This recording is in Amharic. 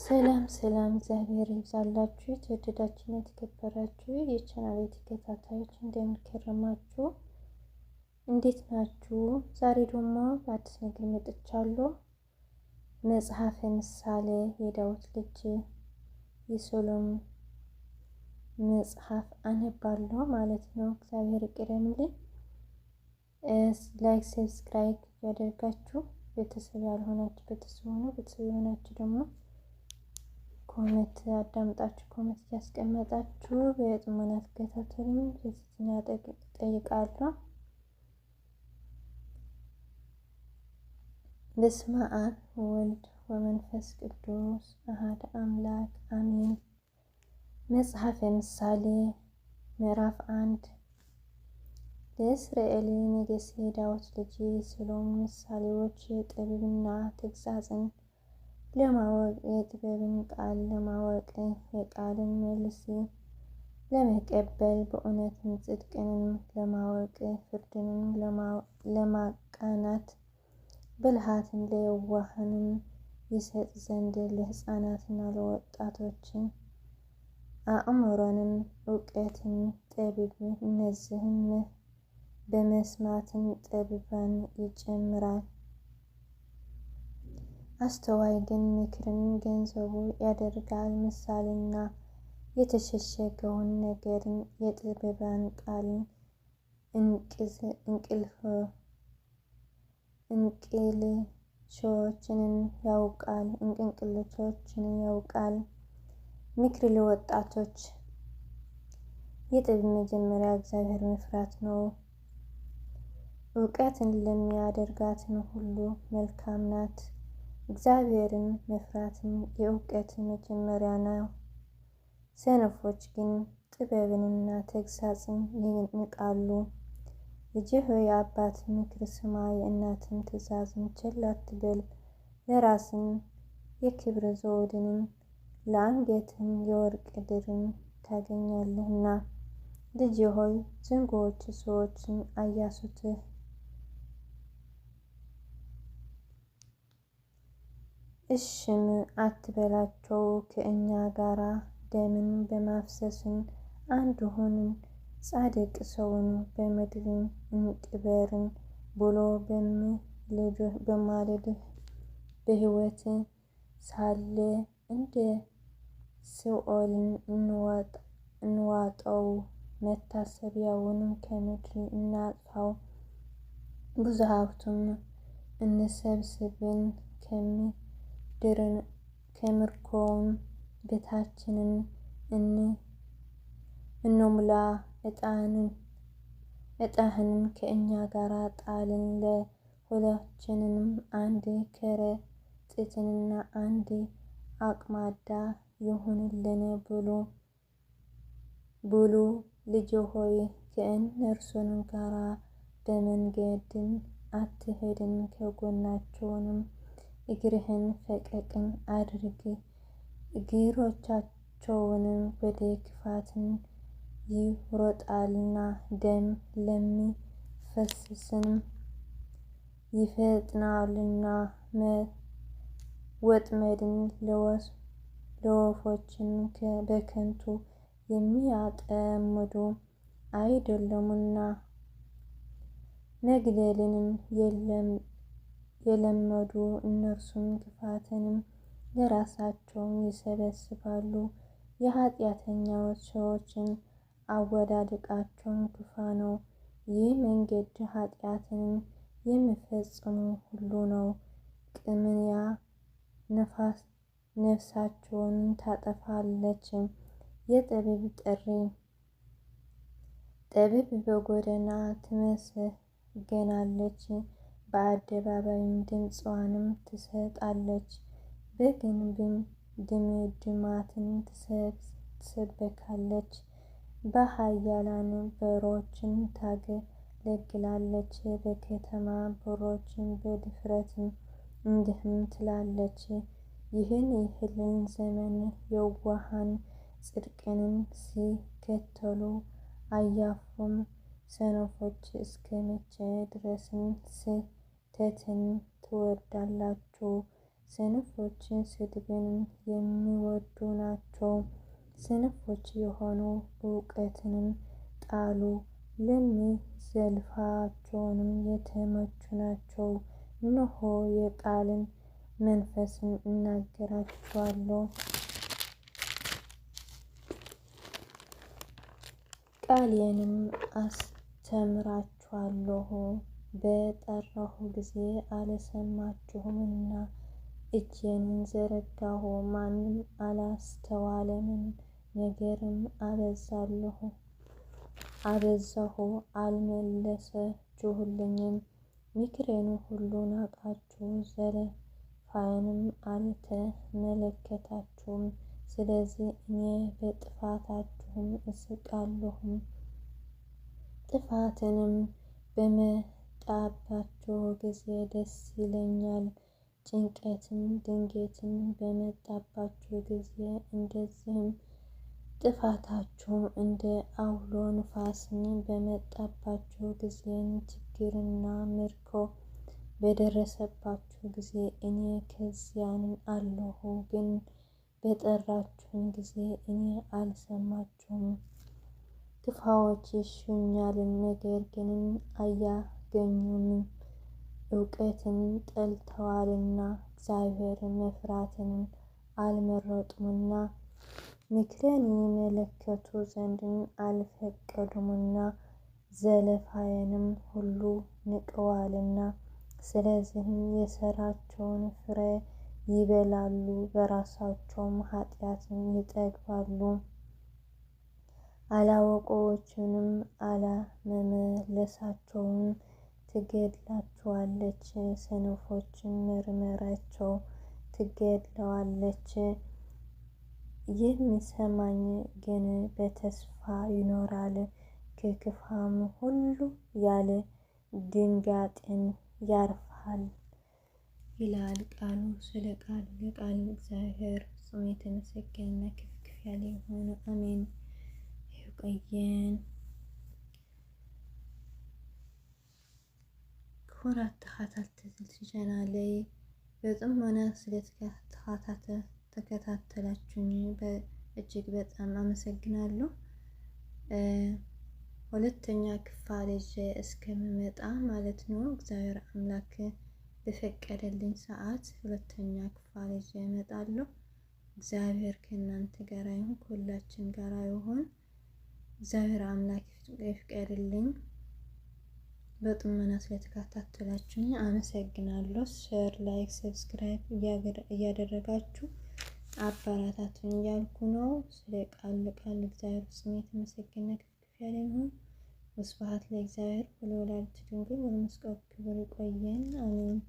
ሰላም ሰላም፣ እግዚአብሔር ይብዛላችሁ። የተወደዳችሁና የተከበራችሁ የቻናል ተከታታዮች እንደምንከረማችሁ፣ እንዴት ናችሁ? ዛሬ ደግሞ በአዲስ ነገር መጥቻለሁ። መጽሐፈ ምሳሌ የዳዊት ልጅ የሰሎም መጽሐፍ አነባለሁ ማለት ነው። እግዚአብሔር ይቅደምልኝ። ላይክ ሰብስክራይብ ያደርጋችሁ ቤተሰብ ያልሆናችሁ ቤተሰብ ሆኖ ቤተሰብ የሆናችሁ ደግሞ ኮመንት አዳምጣችሁ ኮመንት እያስቀመጣችሁ በጥሞና ተከታተሉ። በትህትና ጠይቃለሁ። በስመ አብ ወወልድ ወመንፈስ ቅዱስ አሐድ አምላክ አሜን። መጽሐፈ ምሳሌ ምዕራፍ አንድ የእስራኤል የነገሥ የዳዊት ልጅ ሰሎሞን ምሳሌዎች የጥበብና ተግሣጽን ለማወቅ የጥበብን ቃል ለማወቅ የቃልን መልስ ለመቀበል በእውነትን ጽድቅንም ለማወቅ ፍርድንም ለማቃናት ብልሃትን ለየዋህንም ይሰጥ ዘንድ ለሕፃናትና ለወጣቶችን አእምሮንም እውቀትን ጠቢብ እነዚህም በመስማትን ጠቢባን ይጨምራል። አስተዋይ ግን ምክርን ገንዘቡ ያደርጋል። ምሳሌና የተሸሸገውን ነገርን የጥበብን ቃልን እንቅልሾችንን ያውቃል እንቅልሾችን ያውቃል። ምክር ለወጣቶች የጥበብ መጀመሪያ እግዚአብሔር መፍራት ነው። እውቀትን ለሚያደርጋትን ሁሉ መልካም ናት። እግዚአብሔርን መፍራትን የእውቀት መጀመሪያ ነው። ሰነፎች ግን ጥበብንና ተግሳጽን ይንቃሉ። ልጅ ሆይ የአባት ምክር ስማ፣ የእናትን ትእዛዝን ችላ አትበል። ለራስን የክብር ዘውድንም ለአንገትን የወርቅ ድርን ታገኛለህና። ልጅ ሆይ ዝንጎዎች ሰዎችን አያሱትህ እሽም አትበላቸው ከእኛ ጋራ ደምን በማፍሰስን አንድ ሆንን ጻድቅ ሰውን በምድርን እንቅበርን ብሎ በማለድህ በሕይወት ሳለ እንደ ሲኦልን እንዋጠው መታሰቢያውንም ከምድር እናጥፋው ብዙ ሀብቱም እንሰብስብን ከምን ድርን ከምርኮውም ቤታችንን እንሙላ፣ ዕጣህንም ከእኛ ጋር ጣልን፣ ለሁላችንም አንድ ከረጢትና አንድ አቅማዳ ይሁንልን ብሉ። ብሉ ልጅ ሆይ ከእነርሱን ጋራ በመንገድን አትሂድ፣ ከጎናቸውንም እግርህን ፈቀቅን አድርግ፣ እግሮቻቸውንም ወደ ክፋትን ይሮጣልና ደም ለሚፈስስን ይፈጥናልና ወጥመድን ለወፎችን በከንቱ የሚያጠምዱ አይደለሙና መግደልንም የለም የለመዱ እነርሱም ክፋትንም ለራሳቸውም ይሰበስባሉ። የኃጢአተኛዎች ሰዎችን አወዳድቃቸውን ክፋ ነው። ይህ መንገድ ኃጢአትንም የሚፈጽሙ ሁሉ ነው። ቅምያ ነፋስ ነፍሳቸውን ታጠፋለች። የጠቢብ ጥሪ ጠቢብ በጎዳና ትመስገናለች። በአደባባይም ድምፅዋንም ትሰጣለች፣ በግንብም ድምድማትን ትሰበካለች። በሀያላን በሮችን ታገለግላለች፣ በከተማ በሮችን በድፍረትም እንዲህም ትላለች፣ ይህን ይህልን ዘመን የዋሃን ጽድቅንም ሲከተሉ አያፉም ሰነፎች እስከ መቼ ድረስን ተትን ትወዳላችሁ። ስንፎችን ስድብን የሚወዱ ናቸው። ስንፎች የሆኑ እውቀትንም ጣሉ። ለሚ ዘልፋቸውንም የተመቹ ናቸው። እነሆ የቃልን መንፈስን እናገራችኋለሁ። ቃሌንም አስተምራችኋለሁ። በጠራሁ ጊዜ እና እጄን ዘረጋሁ፣ ማንም አላስተዋለምን። ነገርም አበዛለሁ አበዛሁ አልመለሰችሁልኝም። ምክሬን ሁሉ ናቃችሁ፣ ዘለፋዬንም አልተመለከታችሁም። ስለዚህ እኔ በጥፋታችሁም እስቃለሁም ጥፋትንም በመ በመጣባቸው ጊዜ ደስ ይለኛል። ጭንቀትን ድንገትን በመጣባቸው ጊዜ እንደዚህም ጥፋታቸው እንደ አውሎ ንፋስን በመጣባቸው ጊዜን ችግርና ምርኮ በደረሰባቸው ጊዜ እኔ ከዚያን አለሁ፣ ግን በጠራችሁን ጊዜ እኔ አልሰማችሁም። ክፋዎች ይሹኛል፣ ነገር ግን አያ አትገኙንም። እውቀትን ጠልተዋልና እግዚአብሔር መፍራትን አልመረጡምና ምክርን ይመለከቱ ዘንድን አልፈቀዱምና ዘለፋዬንም ሁሉ ንቀዋልና ስለዚህም የሰራቸውን ፍሬ ይበላሉ፣ በራሳቸውም ኃጢአትን ይጠግባሉ። አላወቆዎችንም አለመመለሳቸውም ትገድላቸዋለች፣ ሰነፎችን መርምራቸው ትገድለዋለች። የሚሰማኝ ግን በተስፋ ይኖራል፣ ከክፋም ሁሉ ያለ ድንጋጤን ያርፋል ይላል ቃሉ። ስለ ቃሉ የቃሉ እግዚአብሔር ስሙ የተመሰገነ ክፍክፍ ያለ የሆነ አሜን። ይቆየን። ኩራት ትችላለይ በጥሞና ስለተከታተላችሁኝ በእጅግ በጣም አመሰግናለሁ። ሁለተኛ ክፋል ይዤ እስከምመጣ ማለት ነው እግዚአብሔር አምላክ በፈቀደልኝ ሰዓት ሁለተኛ ክፋል ይዤ እመጣለሁ። እግዚአብሔር ከእናንተ ጋር ይሁን፣ ከሁላችን ጋር ይሁን። እግዚአብሔር አምላክ ይፍቀድልኝ። በጥሞና ስለተከታተላችሁኝ አመሰግናለሁ። ሼር፣ ላይክ፣ ሰብስክራይብ እያደረጋችሁ አባራታትን እያልኩ ነው። ስለ ቃል ለቃል እግዚአብሔር ስም የተመሰገነ ከፍ ያለ ይሁን። ወስብሐት ለእግዚአብሔር ወለወላዲቱ ድንግል ወለመስቀሉ ክቡር። ይቆየን። አሜን።